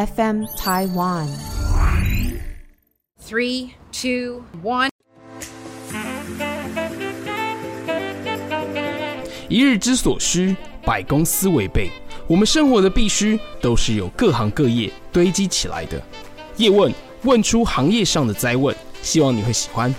FM Taiwan。Three, two, one。一日之所需，百工斯為備。我們生活的必需，都是由各行各業堆積起來的。業問，問出行業上的災問，希望你會喜歡。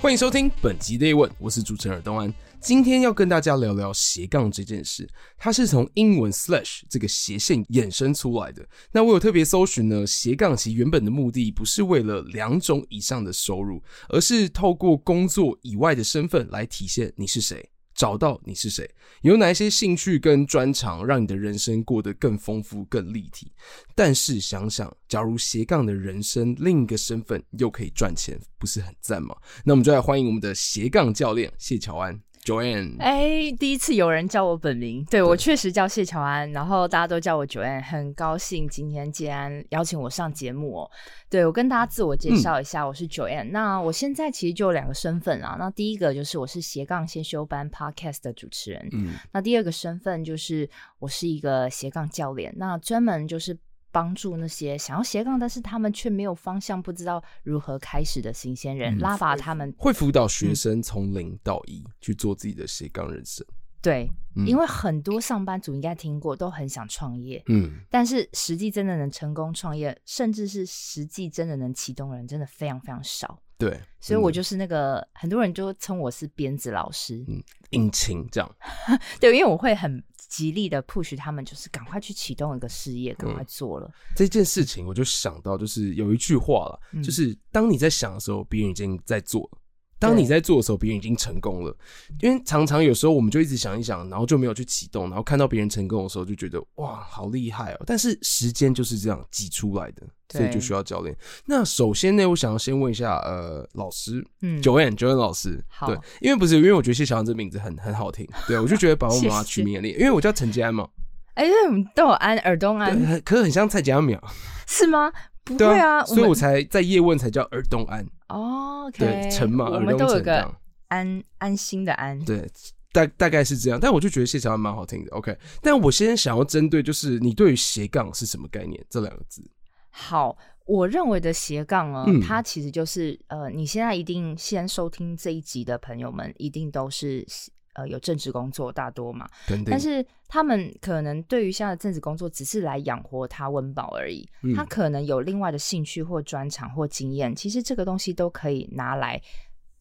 歡迎收聽本集的業問，我是主持人耳東安。今天要跟大家聊聊斜槓這件事，它是從英文 slash 這個斜線衍生出來的。那我有特別搜尋呢，斜槓其原本的目的，不是為了兩種以上的收入，而是透過工作以外的身份來體現你是誰，找到你是誰，有哪一些興趣跟專長，讓你的人生過得更豐富、更立體。但是想想，假如斜槓的人生另一個身份又可以賺錢，不是很讚嗎？那我們就來歡迎我們的斜槓教練謝喬安。Joanne，哎，第一次有人叫我本名，對，對我確實叫謝喬安，然後大家都叫我 Joanne，很高興今天竟然邀請我上節目哦，對，我跟大家自我介紹一下，嗯、我是 Joanne，那我現在其實就有兩個身份啊，那第一個就是我是斜槓先修班 Podcast 的主持人，嗯，那第二個身份就是我是一個斜槓教練，那專門就是。幫助那些想要斜槓，但是他們卻沒有方向，不知道如何開始的新鮮人，嗯、拉拔他們，會輔導學生從零到一、嗯、去做自己的斜槓人生。對，嗯、因為很多上班族應該聽過，都很想創業，嗯，但是實際真的能成功創業，甚至是實際真的能啟動的人，真的非常非常少。對，所以我就是那個、嗯、很多人就稱我是鞭子老師，嗯，殷勤這樣。 對，因為我會很。極力的 push 他們，就是趕快去啟動一個事業，趕快做了、嗯、這件事情，我就想到，就是有一句話了，嗯、就是當你在想的時候，別人已經在做了。當你在做的時候，別人已經成功了，因為常常有時候我們就一直想一想，然後就沒有去啟動，然後看到別人成功的時候，就覺得哇，好厲害哦、喔！但是時間就是這樣擠出來的，所以就需要教練。對那首先呢，我想要先問一下，呃，老師，Joanne，Joanne 老師，好對，因為不是，因為我覺得謝小安這名字很很好聽，對我就覺得把我媽取名，因為，因為我叫陳吉安嘛，哎、欸，都有、嗯、安、耳東安，可是很像蔡加苗是嗎？啊對啊，我們所以我才在業問才叫耳東安哦，oh, okay, 對，陳嘛，耳東個安安心的安，對，大大概是這樣，但我就覺得謝橋蠻好聽的，OK，但我先想要針對就是你對於斜槓是什麼概念這兩個字？好，我認為的斜槓啊、呃，嗯、它其實就是呃，你現在一定先收聽這一集的朋友們，一定都是。呃，有正職工作大多嘛，但是他們可能對於現在的正職工作只是來養活他溫飽而已，嗯、他可能有另外的興趣或專長或經驗，其實這個東西都可以拿來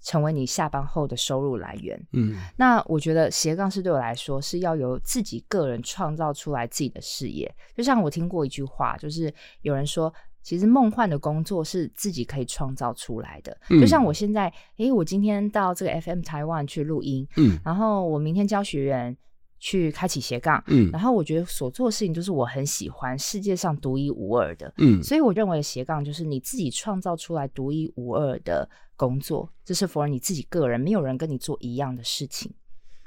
成為你下班後的收入來源。嗯，那我覺得斜槓是對我來說是要由自己個人創造出來自己的事業，就像我聽過一句話，就是有人說。其實，夢幻的工作是自己可以創造出來的。就像我現在，哎，我今天到這個 FM 台灣去錄音，嗯，然後我明天教學員去開啟斜槓，嗯，然後我覺得所做的事情都是我很喜歡，世界上獨一無二的，嗯，所以我認為斜槓就是你自己創造出來獨一無二的工作，這是 for 你自己個人，沒有人跟你做一樣的事情，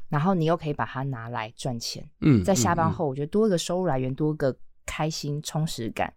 然後你又可以把它拿來賺錢，嗯，在下班後，我覺得多一個收入來源，多一個開心充實感。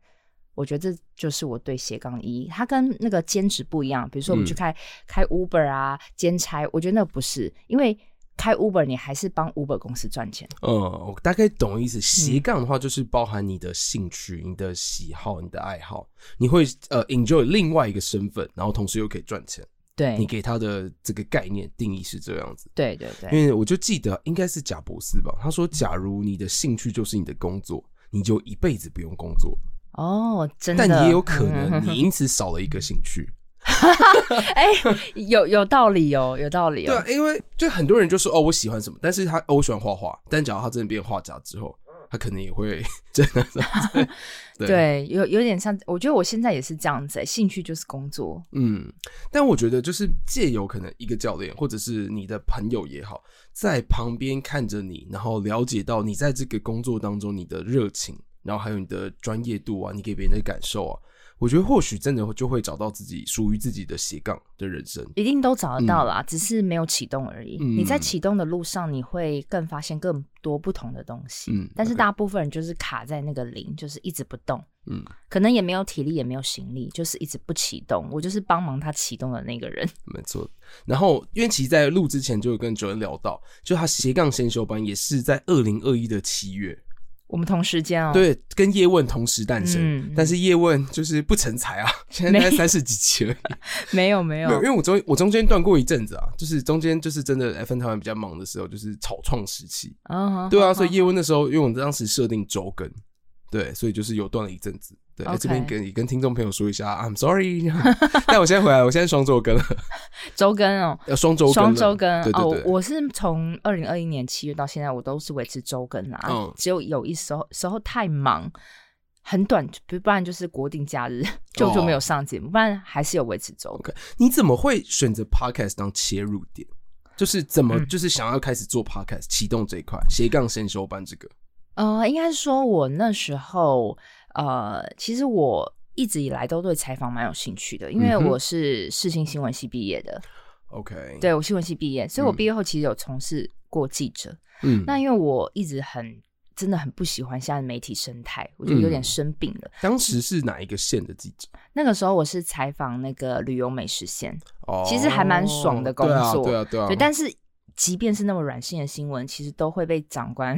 我覺得這就是我對斜槓的意義，它跟那個兼職不一樣。比如說我們去開、嗯、開 Uber 啊，兼差，我覺得那不是，因為開 Uber 你還是幫 Uber 公司賺錢。嗯，我大概懂意思。斜槓的話，就是包含你的興趣、你的喜好、你的愛好，你會呃 enjoy 另外一個身份，然後同時又可以賺錢。對，你給他的這個概念定義是這樣子。對對對，因為我就記得應該是賈伯斯吧，他說：“假如你的興趣就是你的工作，你就一輩子不用工作。”哦，oh, 真的，但也有可能你因此少了一個興趣。哎 欸，有有道理哦，有道理哦。對、啊，因為就很多人就說哦，我喜歡什麼，但是他我喜歡畫畫，但假如他真的變畫家之後，他可能也會真的，真的。對， 對，有有點像，我覺得我現在也是這樣子、欸，興趣就是工作。嗯，但我覺得就是借由可能一個教練或者是你的朋友也好，在旁邊看着你，然後了解到你在這個工作當中你的熱情。然後還有你的專業度啊，你給別人的感受啊，我覺得或許真的就會找到自己屬於自己的斜槓的人生，一定都找得到啦，啊。嗯、只是沒有啟動而已。嗯、你在啟動的路上，你會更發現更多不同的東西。嗯，但是大部分人就是卡在那個零，嗯、就是一直不動。嗯，可能也沒有體力，也沒有行力，就是一直不啟動。我就是幫忙他啟動的那個人。沒錯。然後因為其實，在錄之前就有跟主持人聊到，就他斜槓先修班也是在二零二一的七月。我們同時間啊、哦，對，跟業問同時誕生，嗯、但是業問就是不成才啊，現在才三十幾期了 。沒有沒有，因為我中我中間斷過一陣子啊，就是中間就是真的 FM 台灣比較忙的時候，就是草創時期，啊、uh，huh, 對啊，所以業問那時候、uh、huh, 因為我們當時設定周更，對，所以就是有斷了一陣子。對 Okay. 欸、這邊跟跟聽眾朋友說一下，I'm sorry， 但我先回來，我現在雙週更， 週更哦，雙週雙週更，對、對、對、哦、我是從二零二一年七月到現在，我都是維持週更啊，嗯、只有有一時候時候太忙，很短，不然就是國定假日就、哦、就沒有上節目，不然還是有維持週更。Okay. 你怎麼會選擇 Podcast 當切入點？就是怎麼就是想要開始做 Podcast 啟、嗯、動這一塊斜槓先修班這個？呃，應該是說我那時候。呃，其實我一直以來都對採訪蠻有興趣的，因為我是世新新聞系畢業的。OK、嗯、哼對我新聞系畢業，嗯、所以我畢業後其實有從事過記者。嗯，那因為我一直很真的很不喜歡現在的媒體生態，我就有點生病了。嗯、當時是哪一個線的記者？那個時候我是採訪那個旅遊美食線，哦，其實還蠻爽的工作、哦，對啊，對啊，對，啊對但是即便是那麼軟性的新聞，其實都會被長官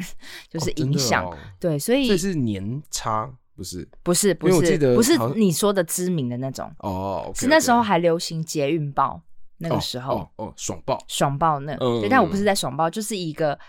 就是影響，哦哦、對，所以這是年差。不是不是不是不是你說的知名的那種哦，是那時候還流行捷運報那個時候哦，爽報爽報。那對，但我不是在爽報，就是一個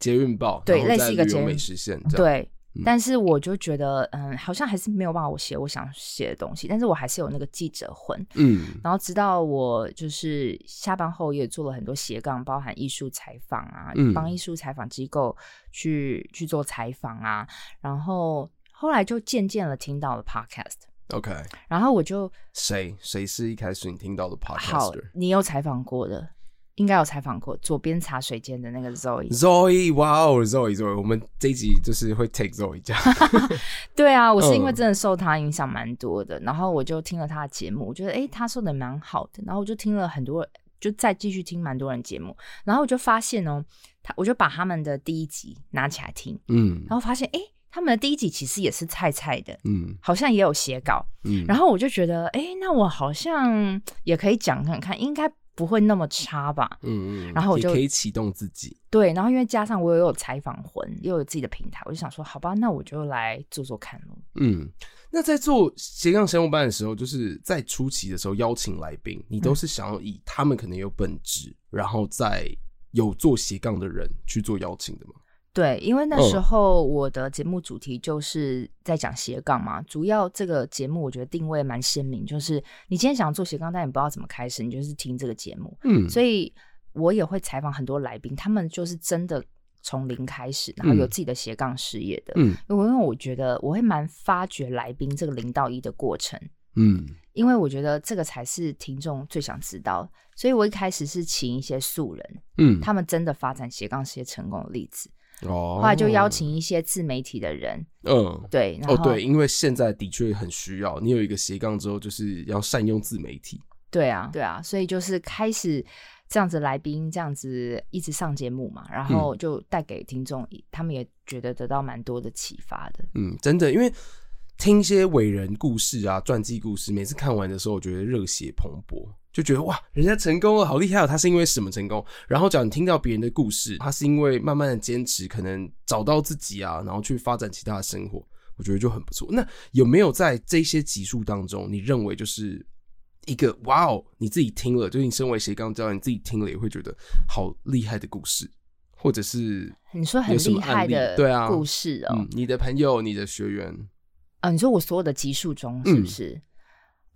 捷運報，對，類似一個捷運美食線對，但是我就覺得嗯，好像還是沒有辦法我寫我想寫的東西，但是我還是有那個記者魂。嗯，然後直到我就是下班後也做了很多斜槓，包含藝術採訪啊，幫藝術採訪機構去去做採訪啊，然後。後來就漸漸的聽到了 podcast，OK，Okay. 然後我就誰誰是一開始你聽到的 podcast？你有採訪過的，應該有採訪過左邊茶水間的那個 Zoe，Zoe，wow，Zoe，Zoe，我們這一集就是會 take Zoe 這樣， 對啊，我是因為真的受他影響蠻多的，嗯、然後我就聽了他的節目，我覺得誒他、欸、說的蠻好的，然後我就聽了很多，就再繼續聽蠻多人節目，然後我就發現哦，他我就把他們的第一集拿起來聽，嗯，然後發現誒、欸他們的第一集其實也是菜菜的，嗯，好像也有寫稿，嗯，然後我就覺得，哎、欸，那我好像也可以講看看，應該不會那麼差吧，嗯嗯，然後我就可以啟動自己，對，然後因為加上我又有採訪魂，又有自己的平台，我就想說，好吧，那我就來做做看嘍。嗯，那在做斜槓先修班的時候，就是在初期的時候邀請來賓，你都是想要以他們可能有本職，然後再有做斜槓的人去做邀請的嗎？對，因為那時候我的節目主題就是在講斜槓嘛，oh. 主要這個節目我覺得定位蠻鮮明，就是你今天想做斜槓，但你不知道怎麼開始，你就是聽這個節目。嗯，所以我也會採訪很多來賓，他們就是真的從零開始，然後有自己的斜槓事業的。嗯，因為我覺得我會蠻發掘來賓這個零到一的過程。嗯，因為我覺得這個才是聽眾最想知道，所以我一開始是請一些素人，嗯，他們真的發展斜槓事業成功的例子。哦，後來就邀請一些自媒體的人，嗯，對，然後、哦、對，因為現在的確很需要，你有一個斜槓之後，就是要善用自媒體。對啊，對啊，所以就是開始這樣子來賓，來賓這樣子一直上節目嘛，然後就帶給聽眾，嗯、他們也覺得得到蠻多的啟發的。嗯，真的，因為聽一些偉人故事啊、傳記故事，每次看完的時候，我覺得熱血蓬勃。就覺得哇，人家成功了，好厲害、哦！他是因為什麼成功？然後講，你聽到別人的故事，他是因為慢慢的堅持，可能找到自己啊，然後去發展其他的生活，我覺得就很不錯。那有沒有在這些集數當中，你認為就是一個哇哦，你自己聽了，就你身為斜槓教，你自己聽了也會覺得好厲害的故事，或者是你，你說很厲害的對啊故事哦、啊嗯？你的朋友，你的學員啊？你說我所有的集數中是不是？嗯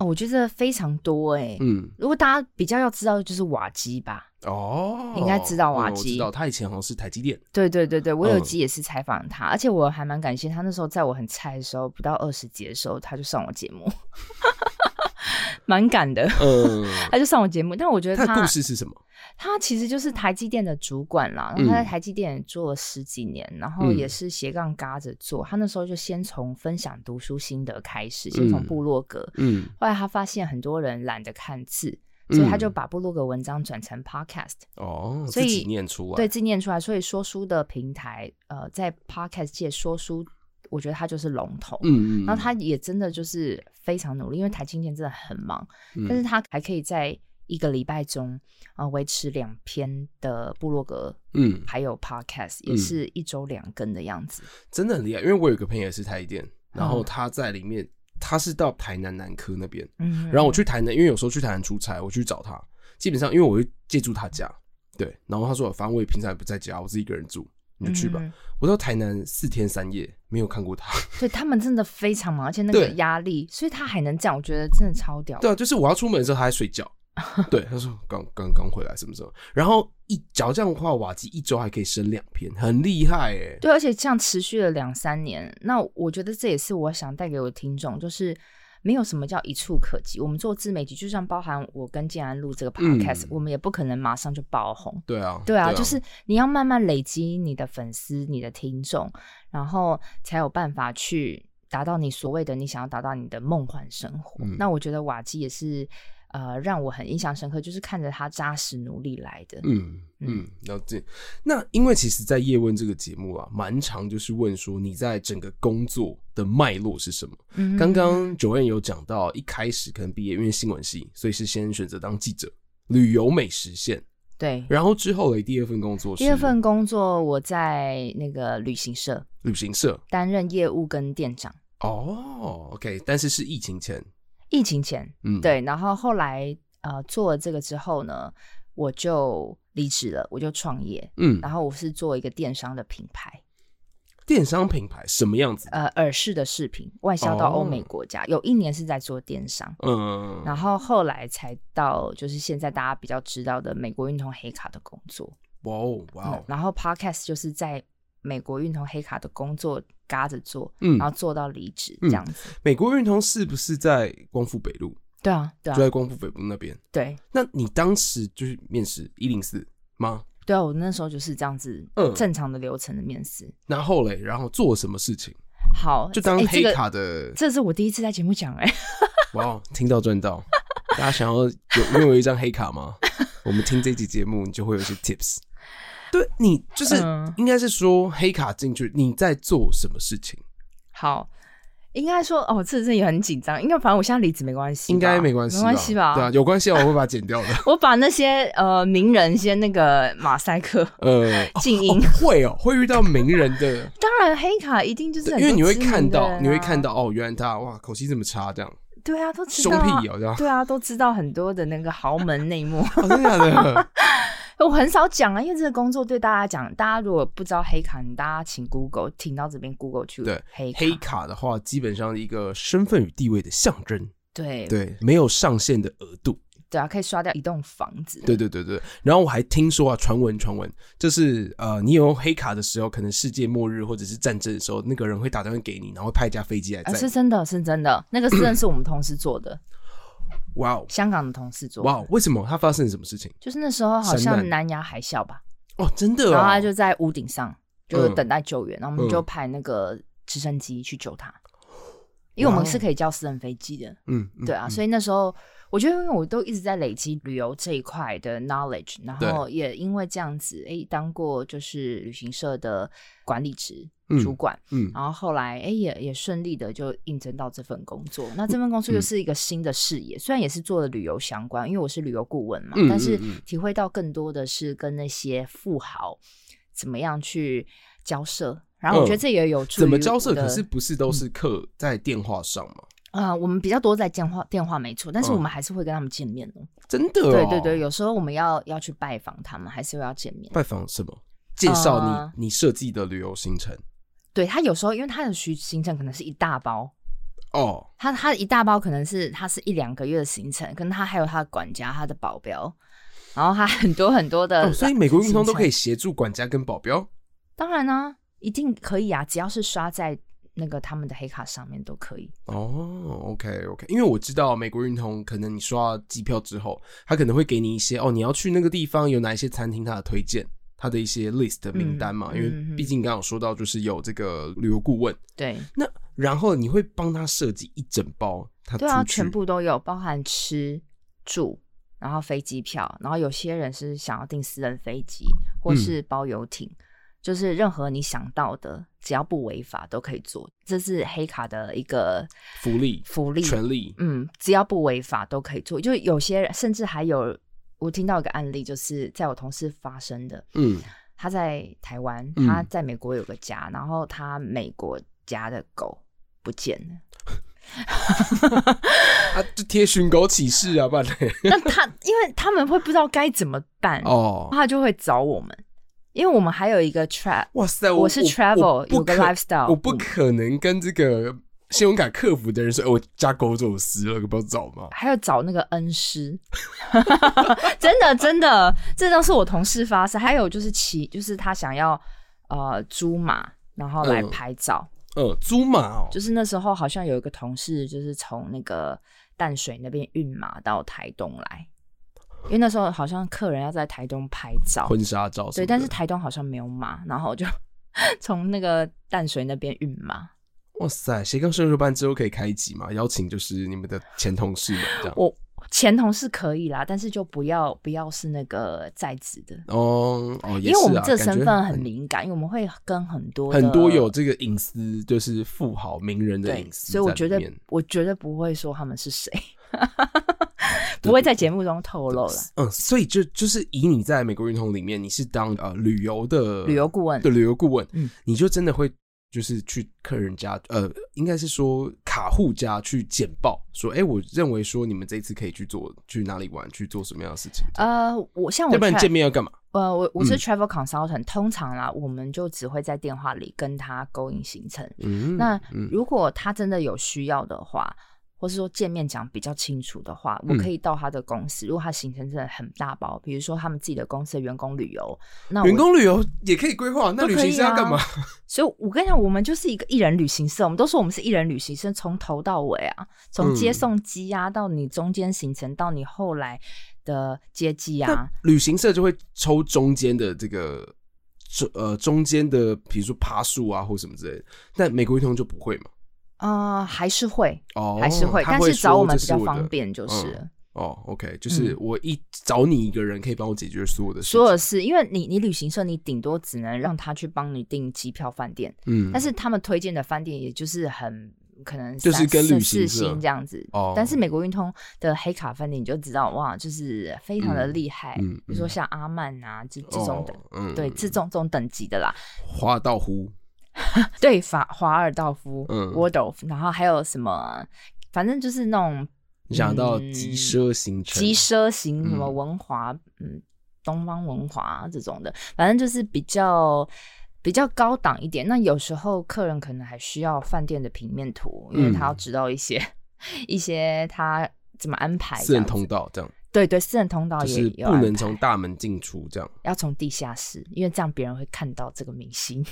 哦，我覺得非常多哎、欸。嗯，如果大家比較要知道的就是瓦基吧。哦，應該知道瓦基、哦，他以前好像是台積電。對對對對，我有一集也是採訪他，嗯、而且我還蠻感謝他，那時候在我很菜的時候，不到二十集的時候，他就上我節目。 蠻趕的、嗯， 他就上我節目，但我覺得他他的故事是什麼？他其實就是台積電的主管啦，嗯、他在台積電做了十幾年，然後也是斜槓嘎著做。嗯、他那時候就先從分享讀書心得開始，先從部落格，嗯，後來他發現很多人懶得看字，嗯、所以他就把部落格文章轉成 podcast，哦，所以念出來，對，自己念出來，所以說書的平台，呃，在 podcast 界說書。我覺得他就是龍頭，嗯嗯，然後他也真的就是非常努力，因為台積電真的很忙，嗯、但是他還可以在一個禮拜中啊維、呃、持兩篇的部落格，嗯，還有 podcast 也是一周兩更的樣子，嗯、真的很厲害。因為我有一個朋友也是台積電，然後他在裡面，嗯、他是到台南南科那邊，嗯，然後我去台南，因為有時候去台南出差，我去找他，基本上因為我會借住他家，對，然後他說反正我也平常也不在家，我自己一個人住。你去吧，我到台南四天三夜沒有看過他。對，他們真的非常忙，而且那個壓力，對所以他還能這樣，我覺得真的超屌的。對啊，就是我要出門的時候，他還在睡覺。 對，他說剛剛剛回來什麼什麼，然後一腳這樣的話，瓦基，一周還可以生兩篇，很厲害欸。對，而且這樣持續了兩三年，那我覺得這也是我想帶給我的聽眾，就是。沒有什麼叫一蹴可幾。我們做自媒體，就算包含我跟建安錄這個 podcast，、嗯、我們也不可能馬上就爆紅。對啊，對啊，對啊，就是你要慢慢累積你的粉絲、你的聽眾，然後才有辦法去達到你所謂的你想要達到你的夢幻生活。嗯、那我覺得瓦基也是。呃，讓我很印象深刻，就是看着他扎實努力來的。嗯嗯，那、嗯、這，嗯、那因為其實，在業問這個節目啊，蠻常，就是問說你在整個工作的脈絡是什麼？剛剛 Joanne 有講到，一開始可能畢業因為新聞系，所以是先選擇當記者，旅遊美食線。對。然後之後的第二份工作是，第二份工作，我在那個旅行社。旅行社擔任業務跟店長。哦，OK，但是是疫情前。疫情前，嗯，對，然後後來呃做了這個之後呢，我就離職了，我就創業，嗯，然後我是做一個電商的品牌，電商品牌什麼樣子？呃，耳飾的飾品，外銷到歐美國家。哦、有一年是在做電商，嗯，然後後來才到就是現在大家比較知道的美國運通黑卡的工作，哇哦哇哦。哇哦嗯、然後 Podcast 就是在美國運通黑卡的工作。嘎着做，嗯，然後做到離職這樣子。嗯嗯、美國運通是不是在光復北路？對啊，對啊，就在光復北路那邊。對，那你當時就是面試一零四嗎？對啊，我那時候就是這樣子，嗯，正常的流程的面試。然後嘞，然後做什麼事情？好，就當黑卡的，欸，這個，這是我第一次在節目講哎、欸。哇 ，wow，聽到賺到！ 大家想要有，有沒有，有一張黑卡嗎？ 我們聽這集節目，你就會有一些 tips。對，你就是應該是說黑卡進去你在做什麼事情？好，應該說哦，這次也很緊張，因為反正我現在離職沒關係，應該沒關係，沒關係吧？對啊，有關係啊，我會把它剪掉的。我把那些呃名人先那個馬賽克呃靜音會哦，會遇到名人的，當然黑卡一定就是因為你會看到，你會看到哦，原來他哇口氣這麼差，這樣。對啊，都知道對啊，對啊，都知道很多的那個豪門內幕，真的。我很少講啊，因為這個工作對大家講，大家如果不知道黑卡，大家請 Google 聽到這邊 Google 去。對黑卡黑卡的話，基本上是一個身份與地位的象徵。對對，沒有上限的額度。對啊，可以刷掉一棟房子。對對對對，然後我還聽說啊，傳聞傳聞，就是呃，你有黑卡的時候，可能世界末日或者是戰爭的時候，那個人會打電話給你，然後會派一架飛機來、呃。是真的，是真的，那個事情是我們同事做的。 哇，wow, 香港的同事做哇？Wow, 為什麼他發生什麼事情？就是那時候好像南亞海嘯吧。哦難，真的。然後他就在屋頂上就是、等待救援，嗯、然後我們就派那個直升機去救他，嗯、因為我們是可以叫私人飛機的 Wow、啊嗯。嗯，對、嗯、啊，所以那時候我覺得，因為我都一直在累積旅遊這一塊的 knowledge，然後也因為這樣子，哎、欸，當過就是旅行社的管理職。主管，嗯，嗯然後後來哎、欸，也也順利的就應徵到這份工作。那這份工作又是一個新的事業，嗯嗯、雖然也是做了旅遊相關，因為我是旅遊顧問嘛，嗯嗯嗯、但是體會到更多的是跟那些富豪怎麼樣去交涉。然後我覺得這也有、嗯、怎麼交涉，可是不是都是刻在電話上嗎？啊、嗯嗯嗯嗯，我們比較多在電話電話沒錯，但是我們還是會跟他們見面的、嗯。真的、哦？對對對，有時候我們要要去拜訪他們，還是會要見面。拜訪什麼？介紹你、嗯、你設計的旅遊行程。對，他有時候，因為他的行行程可能是一大包，哦，他他一大包可能是他是一兩個月的行程，可能他還有他的管家、他的保鏢，然後還很多很多的。哦，所以美國運通都可以協助管家跟保鏢？當然呢，啊，一定可以啊，只要是刷在那個他們的黑卡上面都可以。哦，OK OK，因為我知道美國運通可能你刷機票之後，他可能會給你一些哦，你要去那個地方有哪一些餐廳，他的推薦。他的一些 list 名單嘛，嗯、因為畢竟剛剛有說到，就是有這個旅遊顧問。對，那然後你會幫他設計一整包他，他對啊，全部都有，包含吃住，然後飛機票，然後有些人是想要訂私人飛機，或是包遊艇，嗯、就是任何你想到的，只要不違法都可以做。這是黑卡的一個福利福利權利，力嗯，只要不違法都可以做。就是有些人甚至還有。我聽到一個案例，就是在我同事發生的。嗯，他在台灣，他在美國有個家，嗯、然後他美國家的狗不見了。他、 啊、就貼尋狗啟事啊，不然。 他因為他們會不知道該怎麼辦哦，他就會找我們，因為我們還有一個 travel。哇塞，我，我，我是 travel，有個 lifestyle，我不可能跟這個。信用卡客服的人說：“欸、我家狗走失了，可不可以找嗎？還要找那個恩師， 真的真的，這都是我同事發生。還有就是騎，就是他想要呃租馬，然後來拍照。呃、嗯，租、嗯、馬、哦，就是那時候好像有一個同事，就是從那個淡水那邊運馬到台東來，因為那時候好像客人要在台東拍照婚紗照，所以但是台東好像沒有馬，然後就 從那個淡水那邊運馬。”哇、哦、塞！斜槓先修班之後可以開集嗎？邀請就是你們的前同事這樣我前同事可以啦，但是就不要不要是那個在職的哦哦，哦啊、因為我們這身份很敏感，因為我們會跟很多很,很多有這個隱私，就是富豪名人的隱私，所以我覺得我絕對不會說他們是誰， 不會在節目中透露了。嗯，所以就就是以你在美國運通裡面，你是當呃旅遊的,的旅遊顧問對，旅遊顧問，嗯，你就真的會。就是去客人家，呃，應該是說卡戶家去簡報，說，誒、欸、我認為說你們這一次可以去做去哪裡玩，去做什麼樣的事情。呃，我像我們見面要幹嘛？呃，我我是 travel consultant，、嗯、通常啦，我們就只會在電話裡跟他勾引行程。嗯、那如果他真的有需要的話。嗯或是說見面講比較清楚的話，我可以到他的公司。嗯、如果他行程真的很大包，比如說他們自己的公司的員工旅遊，那我員工旅遊也可以規劃，那，啊、那旅行社要幹嘛？所以我跟你講，我們就是一個藝人旅行社，我們都說我們是藝人旅行社，從頭到尾啊，從接送機啊、嗯、到你中間行程到你後來的接機啊，旅行社就會抽中間的這個呃中間的，比如說趴數啊或什麼之類的，但美國運通就不會嘛。啊，還是會，還是會，但是找我們比較方便，就是。哦，OK，就是我一找你一個人可以幫我解決所有的事。所有的事，因為你，你旅行社，你頂多只能讓他去幫你訂機票、飯店。嗯。但是他們推薦的飯店，也就是很可能三四星，就是跟旅行社這樣子。哦。但是美國運通的黑卡飯店，你就知道哇，就是非常的厲害。嗯。比如說像阿曼啊，這這種等，對，這種這種等級的啦。華爾道夫。 對，法，華爾道夫，嗯，Waldorf 然後還有什麼？反正就是那種講到極奢型，極奢、嗯、型什麼文華，嗯，東方文華這種的，反正就是比較比較高檔一點。那有時候客人可能還需要飯店的平面圖，因為他要知道一些、嗯、 一些他怎麼安排，私人通道這樣。對對，私人通道也有，是不能從大門進出，這樣要從地下室，因為這樣別人會看到這個明星。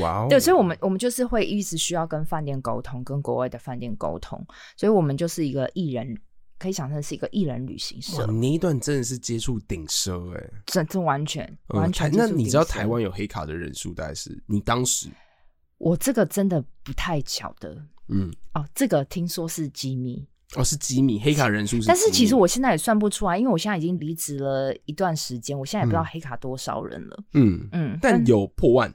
哇 ！Wow. 對，所以我們我們就是會一直需要跟飯店溝通，跟國外的飯店溝通，所以我們就是一個藝人，可以想成是一個藝人旅行社。你那段真的是接觸頂奢，哎，這這完全完全。哎，那你知道台灣有黑卡的人數大概是？你當時我這個真的不太巧的。嗯，哦，這個聽說是機密。哦，是幾米黑卡人數是，但是其實我現在也算不出來，因為我現在已經離職了一段時間，我現在也不知道黑卡多少人了。嗯嗯，嗯但,但有破萬，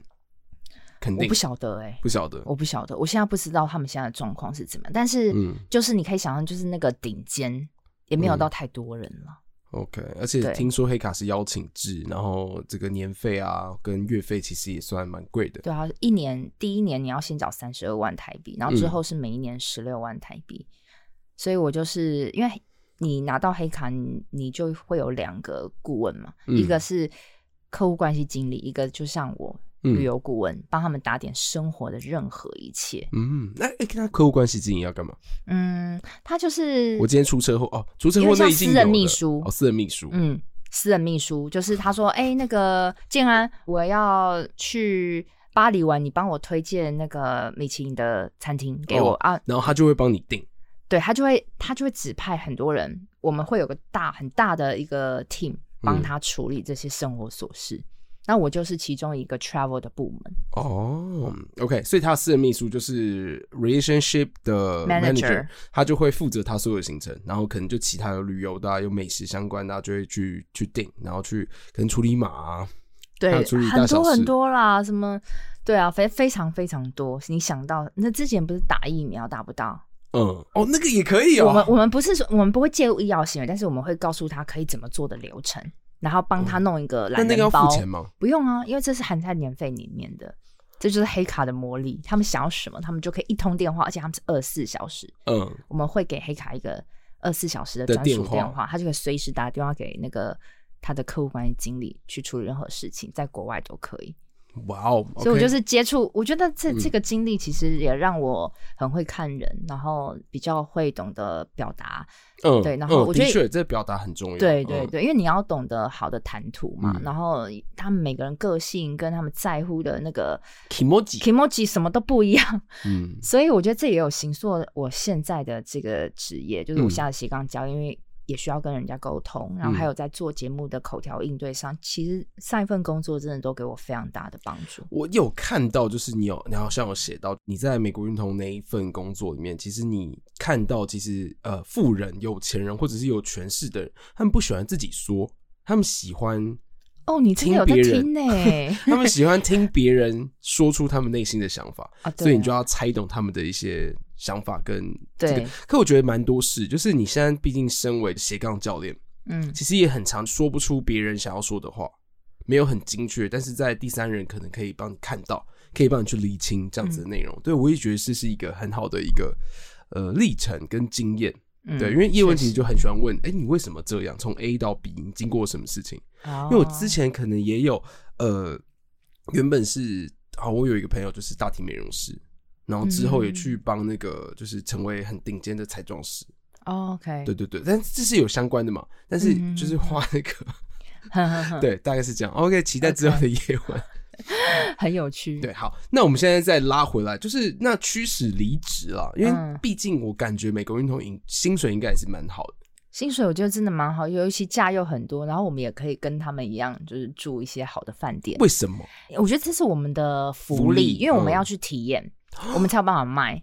肯定我不曉得哎、欸，不曉得，我不曉得，我現在不知道他們現在的狀況是怎麼樣。但是就是你可以想象，就是那個頂尖也沒有到太多人了、嗯。OK，而且聽說黑卡是邀請制，對然後這個年費啊跟月費其實也算蠻貴的。對啊，一年第一年你要先繳三十二萬台幣，然後之後是每一年十六萬台幣。嗯所以我就是，因為你拿到黑卡，你你就會有兩個顧問嘛，嗯、一個是客戶關係經理，一個就像我旅遊顧問，幫他們打點生活的任何一切。嗯，那、欸欸、跟他客戶關係經理要幹嘛？嗯，他就是我今天出車禍哦，出車禍那已經私人秘書，哦，私人秘書，嗯，私人秘書就是他說，哎、欸，那個建安，我要去巴黎玩，你幫我推薦那個米其林的餐廳給我啊、哦，然後他就會幫你訂。對，他就會，他就會指派很多人，我們會有個大很大的一個 team 幫他處理這些生活瑣事。嗯、那我就是其中一個 travel 的部門。哦，OK，所以他私人秘書就是 relationship 的 manager, manager，他就會負責他所有的行程，然後可能就其他有旅遊的旅遊的、有美食相關的、啊、就會去去訂，然後去跟處理碼、啊。對，處理大事很多很多啦，什麼對啊，非非常非常多，你想到那之前不是打疫苗打不到？嗯，哦，那個也可以哦、啊。我們我們不是說我們不會介入醫藥行為，但是我們會告訴他可以怎麼做的流程，然後幫他弄一個懶人包、嗯、那個要付錢嗎？不用啊，因為這是含在年費裡面的。這就是黑卡的魔力，他們想要什麼，他們就可以一通電話，而且他們是二十四小時。嗯。我們會給黑卡一個二十四小時的專屬電話，電話他就可以隨時打電話給那個他的客戶管理經理去處理任何事情，在國外都可以。哇哦！Wow, okay. 所以，我就是接觸，我覺得這這個經歷其實也讓我很會看人，嗯、然後比較會懂得表達，嗯、呃，對，然後我覺得、呃、這個、表達很重要，對對對，嗯、因為你要懂得好的談吐嘛，嗯、然後他們每個人個性跟他們在乎的那個 Kimoji Kimoji 什麼都不一樣，嗯，所以我覺得這也有形塑我現在的這個職業，就是我下的斜槓教，嗯、因為。也需要跟人家溝通，然後還有在做節目的口條應對上，嗯、其實上一份工作真的都給我非常大的幫助。我有看到，就是你有，你好像有寫到，你在美國運通那一份工作裡面，其實你看到，其實呃，富人、有錢人或者是有權勢的人，他們不喜歡自己說，他們喜歡哦，你真的有在聽呢？欸， 他們喜歡聽別人說出他們內心的想法，啊、所以你就要猜懂他們的一些。想法跟這個，對可我覺得蠻多事，就是你現在畢竟身為斜槓教練，嗯，其實也很常說不出別人想要說的話，沒有很精確，但是在第三人可能可以幫你看到，可以幫你去理清這樣子的內容。嗯、對，我也覺得這是一個很好的一個呃歷程跟經驗。嗯、對，因為業問其實就很喜歡問，哎實、欸，你為什麼這樣？從 A 到 B 你經過什麼事情？因為我之前可能也有呃，原本是好，我有一個朋友就是大體美容師。然後之後也去幫那個，就是成為很頂尖的彩妝師、mm。OK，、hmm. 對對對，但這是有相關的嘛？但是就是畫那個、mm，hmm. 對，大概是這樣。OK，期待之後的夜晚，Okay. 很有趣。對，好，那我們現在再拉回來，就是那驅使離職了，因為畢竟我感覺美國運通薪水應該也是蠻好的、嗯。薪水我覺得真的蠻好，尤其假又很多，然後我們也可以跟他們一樣，就是住一些好的飯店。為什麼？我覺得這是我們的福利，福利嗯、因為我們要去體驗。我們才有辦法賣，